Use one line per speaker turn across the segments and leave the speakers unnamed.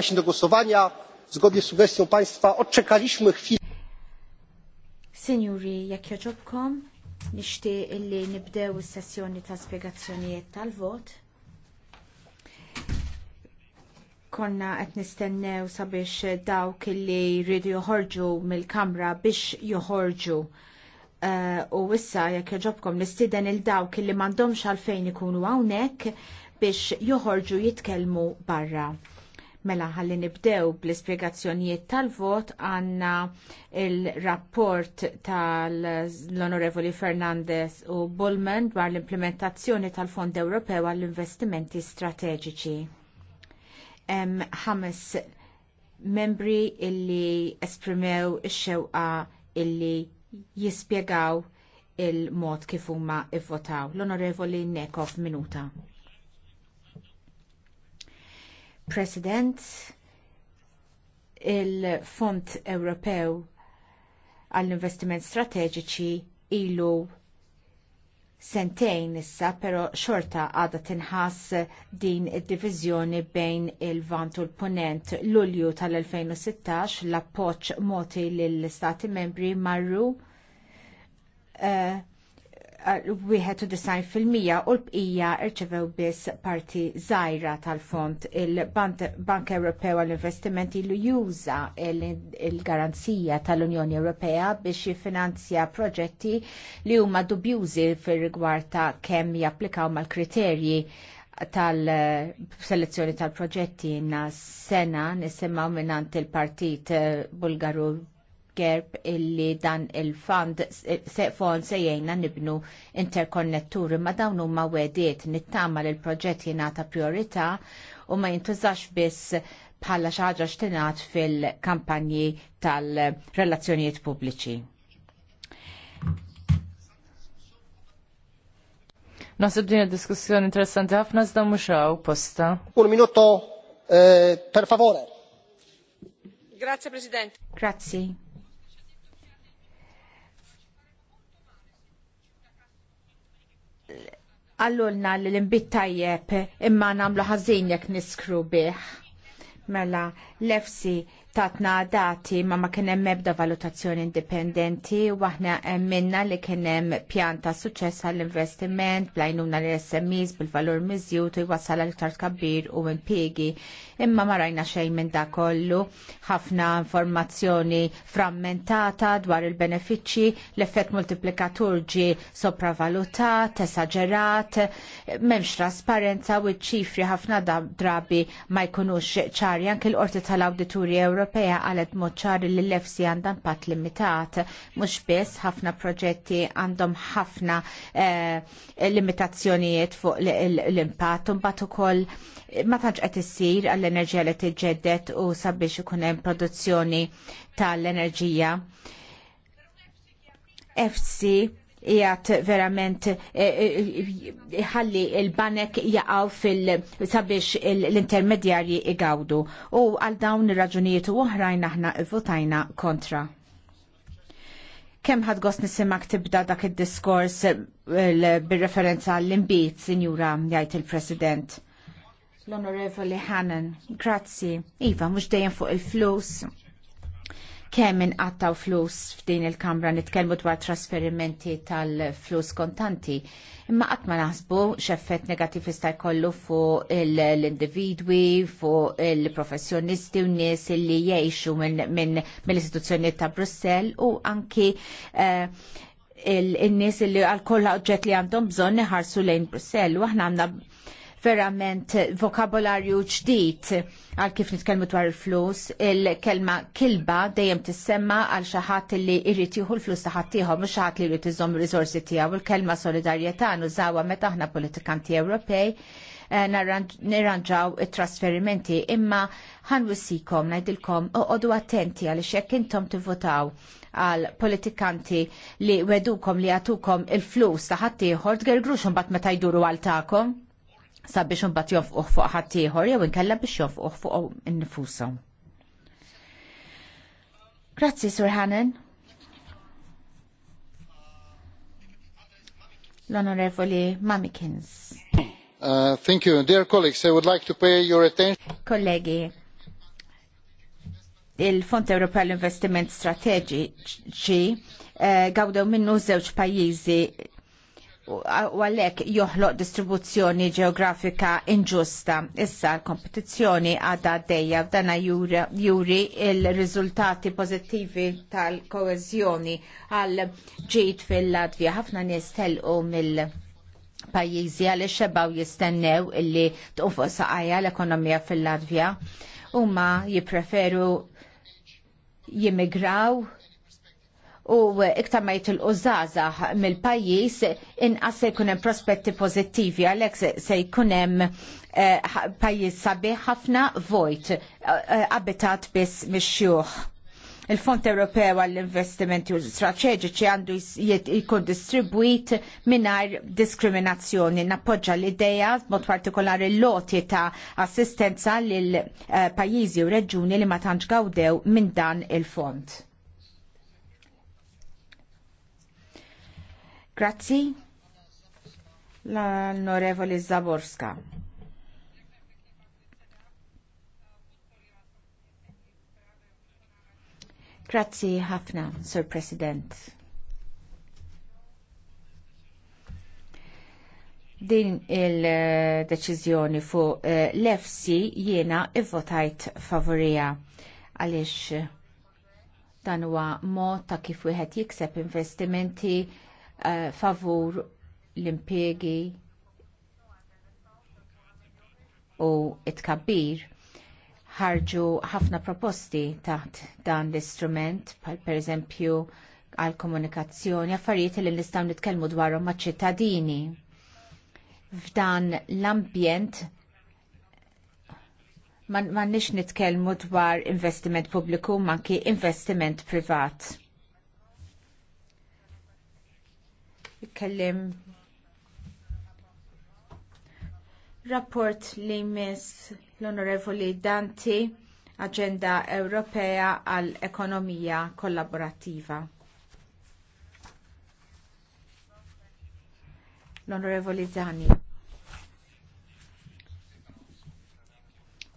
się do głosowania zgodnie z sugestią państwa odczekaliśmy chwilę.
Signori, jak joġobkom, nixtieq illi nibdew is-sessjoni ta' spjegazzjonijiet tal-vot. Konna qed nistennew sabiex dawk illi jridu joħorġu mill-kamra biex joħorġu. Eh, u issa jekk joġobkom nistieden il dawk illi m'għandhomx għalfejn ikunu hawnhekk biex joħorġu jitkellmu barra. Mela ħalli nibdew bl-ispiegazzjonijiet tal-vot għanna il-rapport tal-Onorevoli Fernandez u Bullman dwar l-implementazzjoni tal-Fond Ewropew għall-investimenti strateġiċi. Ħames membri illi esprimew ix-xewqa illi jispjegaw il-mod kif huma ivvotaw. L-Onorevoli Nekov minuta. President, il-Fond Ewropew għall-Investiment Strateġiċi ilu sentejn issa, pero xorta għada tinħass din id-diviżjoni bejn il-vant u l-ponent. Lulju tal-2016 l-appoċ moti lill istati membri marru uh, fil-mija u l-bqija rċevew biss parti żgħira tal-fond il-Bank Ewropew għall-Investimenti li juża il-garanzija tal-Unjoni Ewropea biex jiffinanzja proġetti li huma dubjużi fir-rigward ta' kemm japplikaw mal-kriterji tal-selezzjoni tal-proġetti na sena nisimgħu għand il-Partit Bulgaru gerb illi dan il-fond se fond se nibnu interkonnetturi ma dawn huma wediet nittama li l-proġett jingħata priorità u ma jintużax biss bħala xi ħaġa xtinat fil-kampanji tal-relazzjonijiet pubbliċi.
Nasib din diskussjoni interessanti ħafna zda mhux posta. Un minuto eh, per favore.
Grazie President.
Grazie.
għallulna li l-imbit tajjeb imma namlu ħażin jekk niskru bih. Mela, lefsi, tatna dati ma ma kienem mebda valutazzjoni indipendenti u għahna minna li kienem pjanta suċess għall-investiment blajnuna l-SMEs bil-valur mizjut u jwassal l-iktar kabbir u impiegi imma ma rajna xejn minn da kollu ħafna informazzjoni frammentata dwar il-benefiċċji l-effett multiplikatur ġi sopravalutat, esagerat, memx trasparenza u ċifri ħafna drabi ma jkunux ċari anke l-qorti tal-Awdituri Ewropej Ewropea għalet moċar li l lefsi għandha impatt limitat, mhux biss ħafna proġetti għandhom ħafna eh, limitazzjonijiet fuq l-impatt, imbagħad ukoll ma tantx qed għall-enerġija li t-ġeddet u sabiex ikun hemm produzzjoni tal-enerġija. FC jgħat verament eh, eh, ħalli il-banek jgħaw fil sabiex l-intermedjarji igawdu u għal dawn ir-raġunijiet u uħrajn aħna votajna kontra. Kemm ħad gost nisimak tibda dak id-diskors eh, bir-referenza l-imbit, sinjura, jgħid il-President. L-Onorevoli Hannan, grazzi. Iva, mhux dejjem fuq il-flus kemm inqattaw flus f'din il-Kamra nitkellmu dwar trasferimenti tal-flus kontanti, imma qatt ma naħsbu x'effett negattiv jista' jkollu fuq l-individwi, fuq il-professjonisti u nies li jgħixu mill-istituzzjonijiet ta' Brussell u anki il-nies eh, il li għal kollha oġġett li għandhom bżonn iħarsu lejn Brussell u aħna għandna verament vokabolarju ġdid għal kif nitkellmu dwar il-flus, il-kelma kilba dejjem tissemma għal xi ħadd li jrid jieħu l-flus ta' ħadd ieħor mhux ħadd li jrid iżomm ir-riżorsi tiegħu, il-kelma solidarjetà nużawha meta aħna politikanti Ewropej eh, nirranġaw it-trasferimenti imma ħanwissikom najdilkom oqogħdu attenti għal jekk intom tivvotaw għal politikanti li wedukom li għatukom il-flus taħattieħor tgergruxhom bat meta jduru għal tagħkom sabiex bat jonfquh fuq ħaddieħor jew inkella biex jonfquh fuq innifushom. Grazzi, Sir Hannan. L-Onorevoli Mamikins.
Uh, thank you. Dear colleagues, I would like to pay your attention.
Kollegi, il-Fond Ewropew l-Investiment Strateġiċi uh, gawdew minnu żewġ pajjiżi u għalhekk joħloq distribuzzjoni ġeografika inġusta. Issa l-kompetizzjoni għadha għaddejja f'dana juri il-riżultati pożittivi tal koezjoni għal ġid fil-Latvija. Ħafna nies telqu mill pajjiżi għal xebaw jistennew illi tqum saqajja l-ekonomija fil-Latvija. Huma jippreferu jimigraw u iktar ma jitil żgħażagħ mill-pajjiż inqas se jkun hemm prospetti pozittivi għalhekk se jkun hemm eh, pajjiż ħafna vojt eh, eh, abitat biss mix Il-Fond Ewropew għall-Investimenti Strateġiċi għandu jkun distribwit mingħajr diskriminazzjoni. Nappoġġa l-ideja mod partikolari loti ta' assistenza l eh, pajjiżi u reġuni li ma tantx gawdew minn dan il-fond. Grazzi. L-Onorevoli Zaborska. Grazzi ħafna, Sir President. Din il-deċizjoni fuq eh, l-EFSI jiena votajt favorija għaliex dan huwa mod ta' kif wieħed jikseb investimenti Eh, favur l-impiegi u it-kabbir ħarġu ħafna proposti taħt dan l-istrument, per eżempju għal komunikazzjoni, affarijiet li nistaw nitkellmu dwarhom ma' ċittadini. F'dan l-ambjent ma nix nitkellmu dwar investiment pubbliku manki investiment privat Ikkellim rapport li jmiss l-Onorevoli Danti Aġenda Ewropea għall ekonomija kollaborattiva. L-Onorevoli Dani.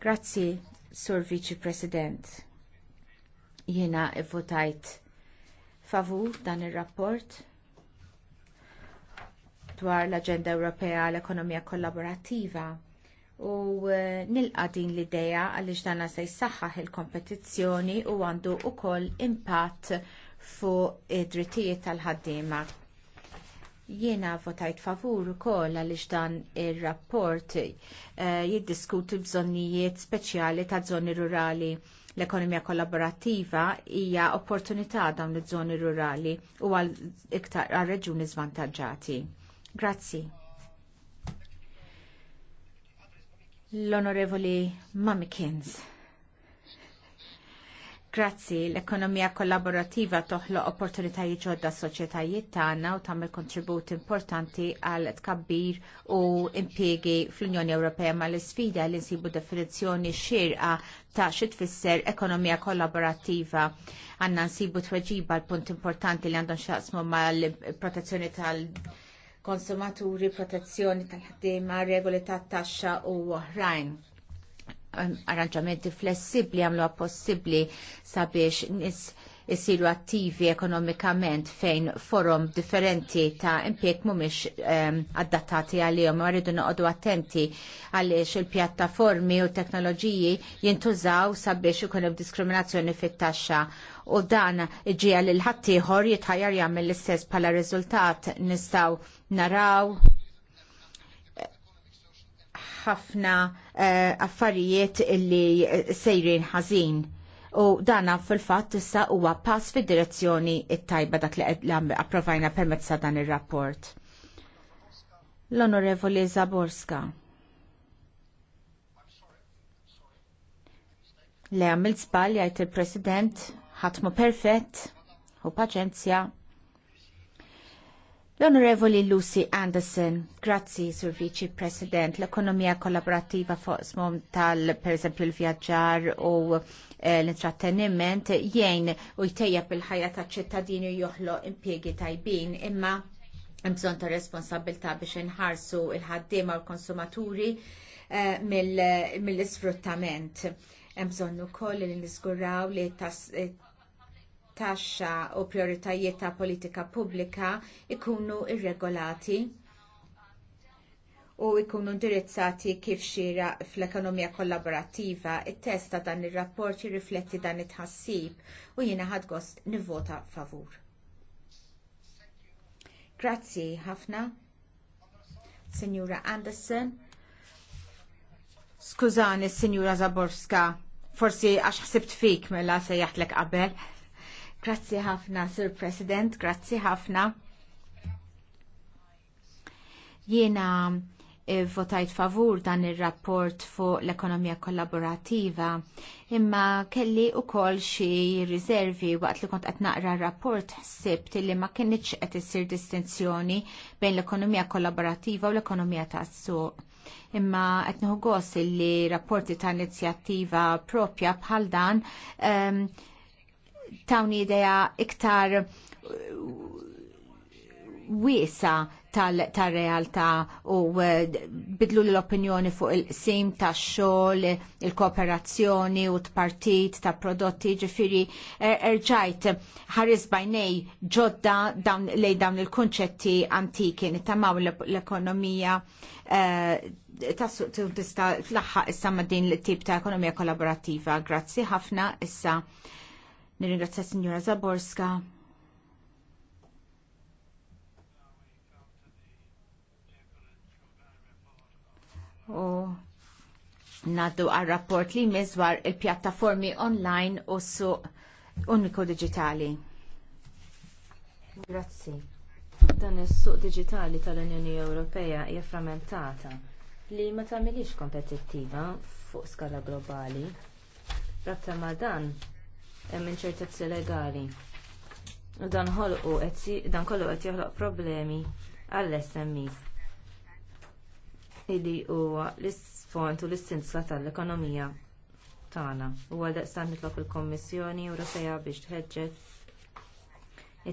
Grazzi, Sur Vici President. Jiena votajt favur dan ir rapport dwar l-Aġenda Ewropea l-Ekonomija Kollaborattiva u eh, nilqa din l-ideja għaliex dana se jsaħħaħ il-kompetizzjoni u għandu wkoll impatt fuq id-drittijiet tal-ħaddiema. Jiena votajt favur ukoll għaliex dan ir rapport uh, eh, jiddiskuti bżonnijiet speċjali ta' żoni rurali. L-ekonomija kollaborattiva hija opportunità dawn iż-żoni rurali u għal iktar għal reġuni żvantaġġati. Grazzi. L-Onorevoli Mamikins. Grazzi, l-ekonomija kollaborativa toħloq opportunitajiet ġodda soċjetajiet tagħna u tagħmel kontribut importanti għal tkabbir u impjiegi fl-Unjoni Ewropea mal isfida li nsibu definizzjoni xirqa ta' xi tfisser ekonomija kollaborattiva. Għandna nsibu tweġiba l-punt importanti li għandhom x'jaqsmu mal-protezzjoni tal- konsumaturi, protezzjoni tal-ħaddiema, regoli tat-taxxa u oħrajn arranġamenti flessibli għamlu possibbli sabiex nis jisiru attivi ekonomikament fejn forum differenti ta' impjeg mhumiex um, adattati għalihom u rridu noqogħdu attenti għaliex il-pjattaformi u t teknoloġiji jintużaw sabiex ikun hemm diskriminazzjoni fit-taxxa u dan iġi lil ħaddieħor jitħajar jagħmel l-istess bħala riżultat nistgħu naraw ħafna uh, affarijiet illi sejrin ħażin u dana fil-fatt issa huwa pass fid-direzzjoni it-tajba dak li approvajna permezz dan ir-rapport. L-Onorevoli Zaborska. Le għamil zbal jgħid il-President ħatmu perfett u paċenzja. L-Onorevoli Lucy Anderson, grazzi Sur Vici President, l-ekonomija kollaborattiva fuq smom tal per esempio l-vjaġġar u eh, l-intratteniment jgħin u jtejjeb il-ħajja ta' ċittadini u joħloq impjegi tajbin imma bżon ta' responsabilta biex inħarsu il-ħaddiema u l-konsumaturi eh, mill-isfruttament. Hemm bżonn ukoll li nisguraw li taxxa u prioritajiet ta' politika pubblika ikunu irregolati u ikunu indirizzati kif xira fl-ekonomija kollaborattiva. It-test ta' dan ir-rapport jirrifletti dan it-ħassib u jiena ħadgost nivvota favur. Grazzi ħafna. Signora Anderson. Skużani, Signora Zaborska, forsi għax ħsibt fik mela sejjaħtlek qabel. Grazzi ħafna, Sir President, grazzi ħafna. Jiena eh, votajt favur dan il-rapport fuq l-ekonomija kollaborativa, imma kelli u koll xie riservi waqt li kont naqra rapport ħsibt li ma kienieċ qed issir distinzjoni bejn l-ekonomija kollaborativa u l-ekonomija tas-suq. Imma qed nieħu gost li rapporti ta' inizjattiva propja bħal dan um, tawni idea iktar wiesa tal-realtà u eh, bidlu l-opinjoni fuq il sim ta' xogħol, il-kooperazzjoni u t-partit ta' prodotti ġifiri er, erġajt ħares bajnej ġodda lej dawn il-konċetti antiki nittamaw l-ekonomija eh, ta' suq issa ma' din l-tip ta' ekonomija kollaborattiva. Grazzi ħafna issa Nirringrazzja Signora Zaborska. U naddu għal rapport li mizwar il-pjattaformi online u suq uniku digitali.
Grazzi. Dan is-suq digitali tal-Unjoni Ewropea hija frammentata li ma tagħmilix kompetittiva fuq skala globali. Rabta ma dan hemm inċertezzi legali. U dan ħolqu dan kollu qed joħloq problemi għall-SMEs illi huwa l-isfond u l-istinsla tal-ekonomija tagħna. U għaldaqstant nitlob il-Kommissjoni Ewropea biex tħeġġeġ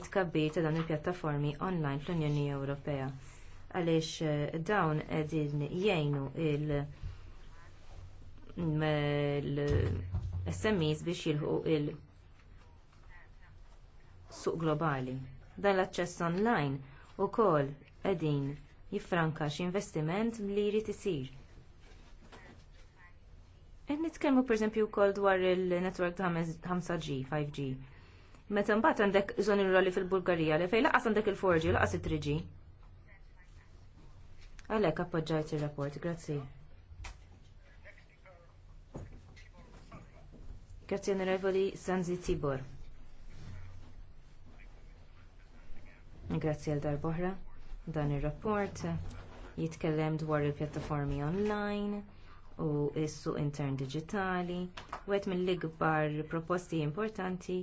it-tkabbir ta' dawn il-pjattaformi online fl-Unjoni Ewropea għaliex eh, dawn qegħdin jgħinu il- SMEs biex jilħu il- suq globali. Dan l-aċċess online ukoll qegħdin jiffranka x'investiment li jrid isir. Qed nitkellmu pereżempju wkoll dwar il-network ta' 5G, 5G. Meta mbagħad għandek żoni rurali fil-Bulgarija li fejn laqas għandek il-4G, laqas it-3G. Għalhekk appoġġajt ir-rapport, grazzi. Grazzi onorevoli Sanzi Tibor. Grazzi għal darbohra. Dan ir-rapport jitkellem dwar il-pjattaformi online u is suq intern diġitali u għet mill-ikbar proposti importanti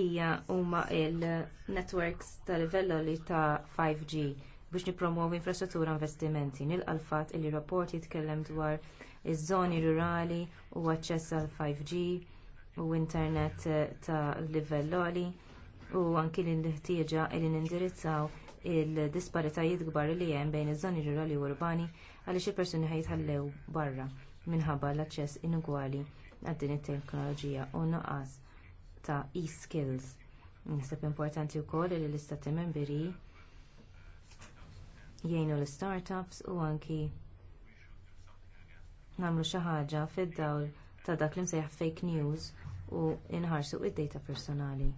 hija huma il-networks tal-livello li ta' 5G biex nipromuovi infrastruttura investimenti nilqa' l-fatt li rapport jitkellem dwar iż-żoni rurali u aċċess għal 5G u internet eh, ta' livell għoli u anki l-ħtieġa li nindirizzaw il-disparitajiet kbar li hemm bejn iż-żoni rurali u urbani għaliex il-persuni ħajtħallew barra minħabba l-aċċess inugwali għad din it-teknoloġija u nuqqas ta' e-skills. Nisab importanti wkoll li l-istati membri jgħinu l-startups u anki nagħmlu xi ħaġa fid-dawl ta' dak li msejjaħ fake news u inħarsu id data personali.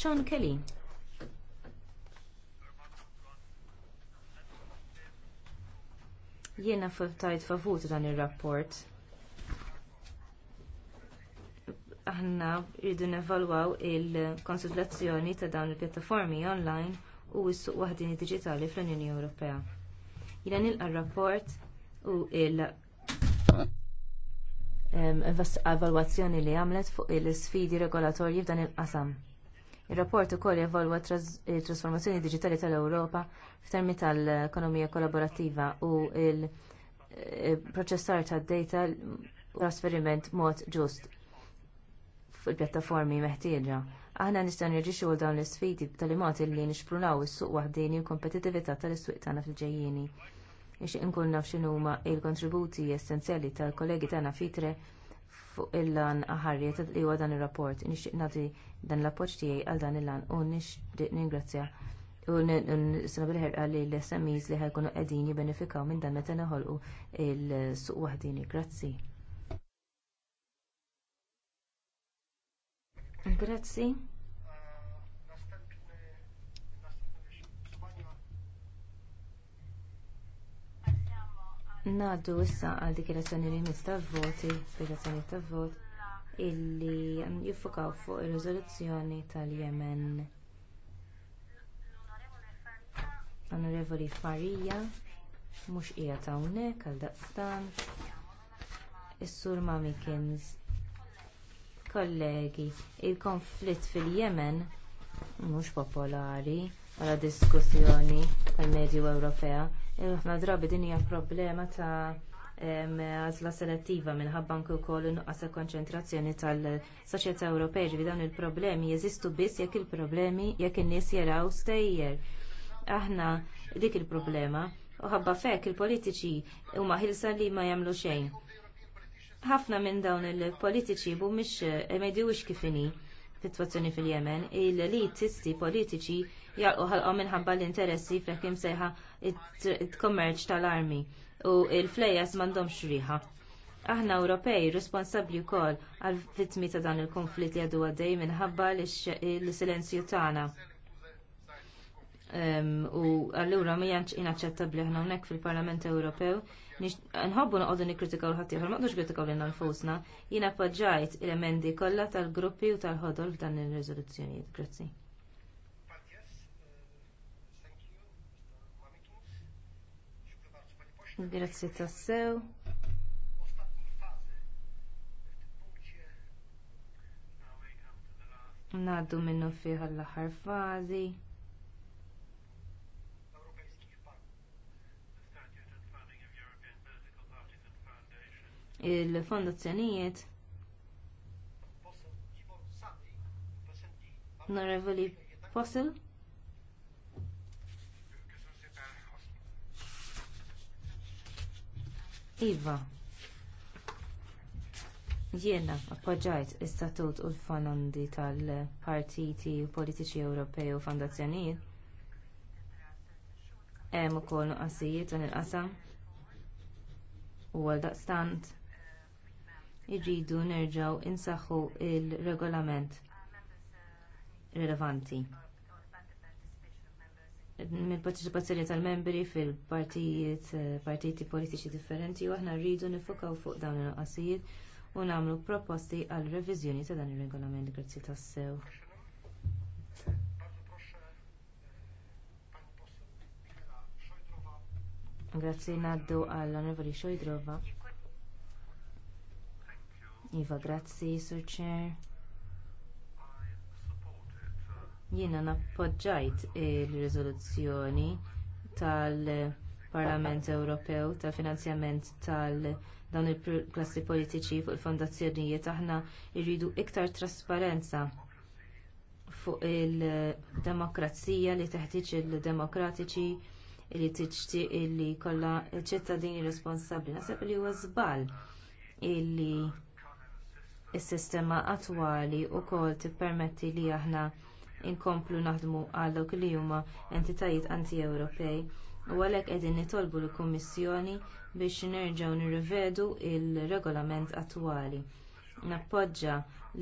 Sean Kelly. Jiena tajt favut dan ir rapport Aħna rridu nevalwaw il-konsultazzjoni ta' dawn il-pjattaformi online u s-suq waħdini diġitali fl-Unjoni Ewropea. Jina nilqa rapport u il- evalwazzjoni li għamlet fuq il isfidi regolatorji f'dan il-qasam. Ir-rapport ukoll jevalwa trasformazzjoni diġitali tal-Ewropa f'termi tal-ekonomija kollaborattiva u l proċessar tad-data u trasferiment mod ġust fil-pjattaformi meħtieġa. Aħna nistgħu nirġixxu għal dawn l-isfidi b'talimat illi nixprunaw is-suq waħdini u kompetitività tal-iswiq tagħna fil-ġejjieni. Nixtieq nkun naf x'inhu huma l-kontributi essenzjali tal-kollegi tagħna fitre fuq il-lan aħarriet li huwa dan ir-rapport. Nixtieq nagħti dan l-appoġġ tiegħi għal dan il-lan u nixtieq ningrazzja u nisna bil-ħerqa li l-SMEs li ħajkunu qegħdin jibbenefikaw minn dan meta neħolqu il-suq waħdini. Grazzi. Grazzi. Naddu issa għal dikjerazzjoni li mista voti, spiegazzjoni ta' vot illi jiffokaw fuq ir-riżoluzzjoni tal-Yemen. Onorevoli Farija, mhux ta' hawnhekk għal daqstan, is-sur Mami Kins Kollegi, il-konflitt fil-Yemen mhux popolari għala diskussjoni tal-medju Ewropea. Aħna drabi din hija problema ta' għażla selettiva minħabba anke wkoll inqas konċentrazzjoni tal-soċjetà Ewropea ġifi dawn il-problemi jeżistu biss jekk il-problemi jekk in-nies jaraw stejjer. Aħna dik il-problema u ħabba fek il-politiċi huma ħilsa li ma jagħmlu xejn ħafna minn dawn il-politiċi bu eh, mhix mediwix kifini situazzjoni fil-Jemen, il tisti politiċi jarqu ħalqhom minħabba l-interessi fl kemm sejħa t kommerċ tal-armi u l flejas m'għandhomx riħa. Aħna Ewropej responsabbli wkoll għall vittmi ta' dan il-konflitt li għadu għaddej minħabba l-silenzju tagħna u allura jgħanċ inaċċettabli ħna hawnhekk fil-Parlament Ewropew nħobbu noqogħdu nikkritikaw ħadd ieħor, m'għadux kritikaw lil fusna jina appoġġajt il-emendi kollha tal-gruppi u tal-ħodol f'dan ir-riżoluzzjonijiet. Grazzi. Grazzi tassew. Naddu minnu fiħa l-aħħar fażi. il-fondazzjonijiet Narevoli Fossil Iva Jiena appoġġajt istatut u l-fondi tal-partiti u politiċi Ewropej u fondazzjonijiet. Hemm ukoll nuqqasijiet dan il-qasam u għaldaqstant irridu nerġgħu insaħħu r regolament relevanti. mill-partiċipazzjoni tal-membri fil-partijiet eh, partiti politiċi differenti u aħna rridu nifokaw fuq dawn il-qasijiet u nagħmlu proposti għal reviżjoni ta' dan ir-regolament grazzi tas-sew. Grazzi ngħaddu għall onorevoli Xojdrova. Iva, grazzi, Sur Chair. Jiena nappoġġajt il-riżoluzzjoni tal-Parlament Ewropew ta' finanzjament tal- dawn il-klassi politiċi fuq il-fondazzjonijiet aħna jridu iktar trasparenza fuq il-demokrazija li teħtieġ il-demokratiċi li tiġti illi kollha ċittadini responsabbli. Nasab li huwa żball illi is-sistema attwali wkoll tippermetti li aħna inkomplu naħdmu għal dawk li huma entitajiet anti-Ewropej u għalhekk qegħdin nitolbu lill-Kummissjoni biex nerġgħu nirrivedu r regolament attwali. Nappoġġa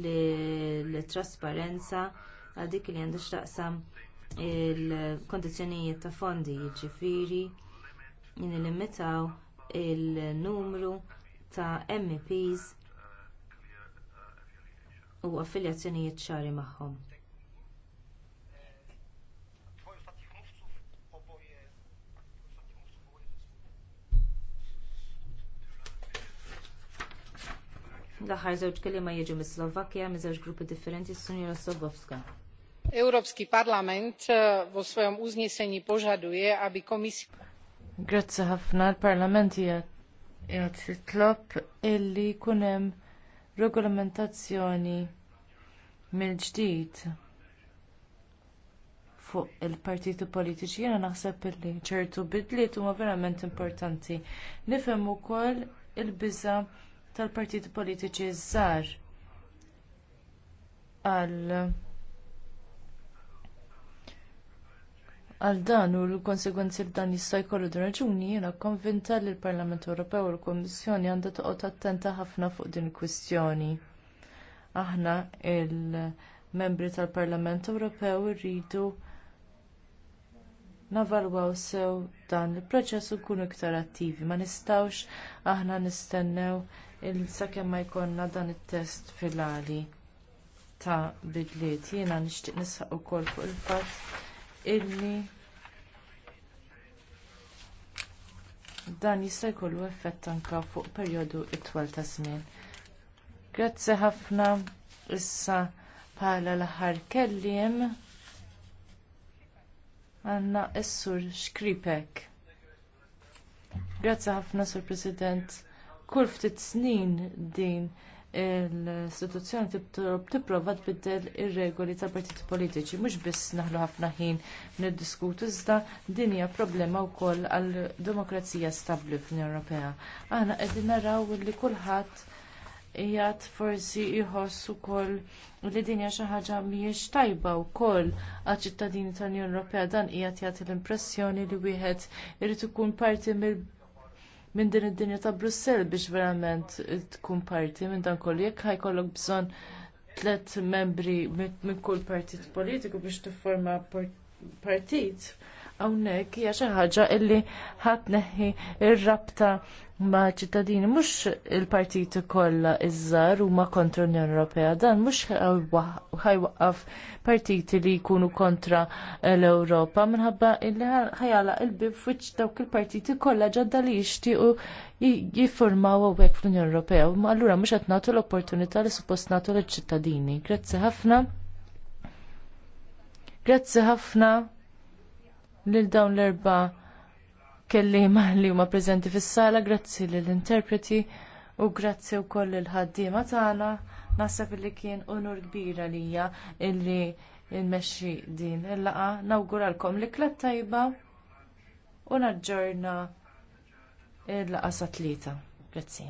l-trasparenza għal dik li għandu xtaqsam il kundizzjonijiet ta' fondi jiġifieri nillimitaw il-numru ta' MEPs u affiljazzjonijiet ċari magħhom. L-aħħar żewġ kelliema jiġu mis-Slovakkja minn żewġ gruppi differenti s-Sunjura Sobowska.
Europski parlament eh, vo svojom uznesení požaduje, aby komisia...
Grazzi ħafna, l-parlament jgħat jitlob illi kunem hemm regolamentazzjoni mill-ġdid fuq il-partiti politiċi jiena naħseb illi ċertu bidliet huma verament importanti. Nifhem ukoll il-biża' tal-partiti politiċi żgħar għal għal dan u l-konsegwenzi f'dan jista' jkollu din raġuni jiena konvinta li l-Parlament Ewropew u l-Kummissjoni għandha toqgħod attenta ħafna fuq din il-kwistjoni. Aħna il-membri tal-Parlament Ewropew irridu navalwaw sew dan il-proċess u nkunu iktar attivi. Ma nistawx aħna nistennew il-sakemm ma jkollna dan it-test fil-għali ta' bidliet. Jiena nixtieq nisħaq ukoll fuq il-fatt illi dan jista' jkollu effett anke fuq perjodu itwal ta' żmien. Grazzi ħafna issa bħala l-aħħar kelliem għandna s-sur Xkripek. Grazzi ħafna sur President. Kull ftit snin din l-istituzzjoni tipprova tbiddel ir-regoli tal-partiti politiċi mhux biss naħlu ħafna ħin niddiskutu iżda din hija problema wkoll għad demokrazija stabbli fl-Unjoni Ewropea. Aħna qegħdin naraw li kulħadd jgħat forsi jħoss ukoll li din hija xi ħaġa mhijiex tajba wkoll għaċ-ċittadini tal-Unjoni Ewropea dan qiegħed jagħti l-impressjoni li wieħed irid ikun parti mill minn din id-dinja ta' Brussell biex verament tkun parti minn dan kollu jekk ħajkollok bżonn tliet membri minn kull partit politiku biex tifforma partit hawnhekk hija xi ħaġa illi ħadd neħi r rabta ma' ċittadini mhux il-partiti kollha iż żgħar huma kontra l-Unjoni Ewropea dan mhux ħajwaqqaf partiti li jkunu kontra l-Ewropa minħabba li ħajala il-bib fuq dawk il-partiti kollha ġodda li jixtiequ jiffurmaw hawnhekk fl-Unjoni Ewropea. Allura mhux qed nagħtu l-opportunità li suppost nagħtu liċ-ċittadini. Grazzi ħafna. Grazzi ħafna lil dawn l-erba kelliema li huma preżenti fis-sala, grazzi lill interpreti u grazzi wkoll il-ħaddiema tagħna. Naħseb li kien unur kbira lija illi nmexxi din il laqgħa nawguralkom li klat tajba u naġġorna il laqgħa sa tlieta. Grazzi.